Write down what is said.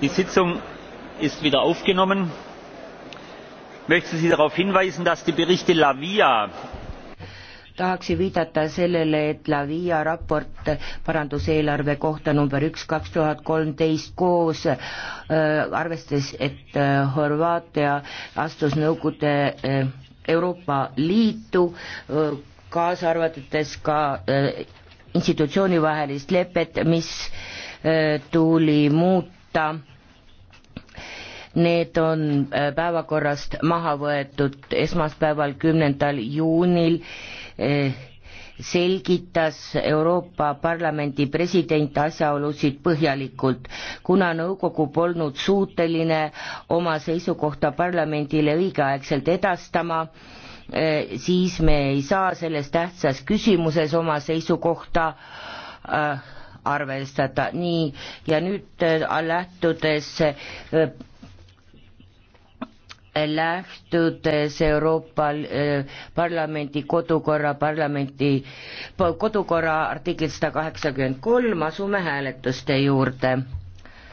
die sitzung ist wieder aufgenommen. ich möchte sie darauf hinweisen dass die berichte la via tahaksin viidata sellele, et La Via raport paranduseelarve kohta number üks kaks tuhat kolmteist koos äh, arvestades, et äh, Horvaatia astus Nõukogude äh, Euroopa Liitu äh,, kaasa arvates ka äh, institutsioonivahelist lepet, mis äh, tuli muuta. Need on päevakorrast maha võetud esmaspäeval, kümnendal juunil selgitas Euroopa Parlamendi president asjaolusid põhjalikult. kuna nõukogu polnud suuteline oma seisukohta parlamendile õigeaegselt edastama, siis me ei saa selles tähtsas küsimuses oma seisukohta äh, arvestada, nii, ja nüüd äh, lähtudes äh, lähtudes Euroopa äh, Parlamendi kodukorra parlamendi, kodukorra artiklit sada kaheksakümmend kolm, asume hääletuste juurde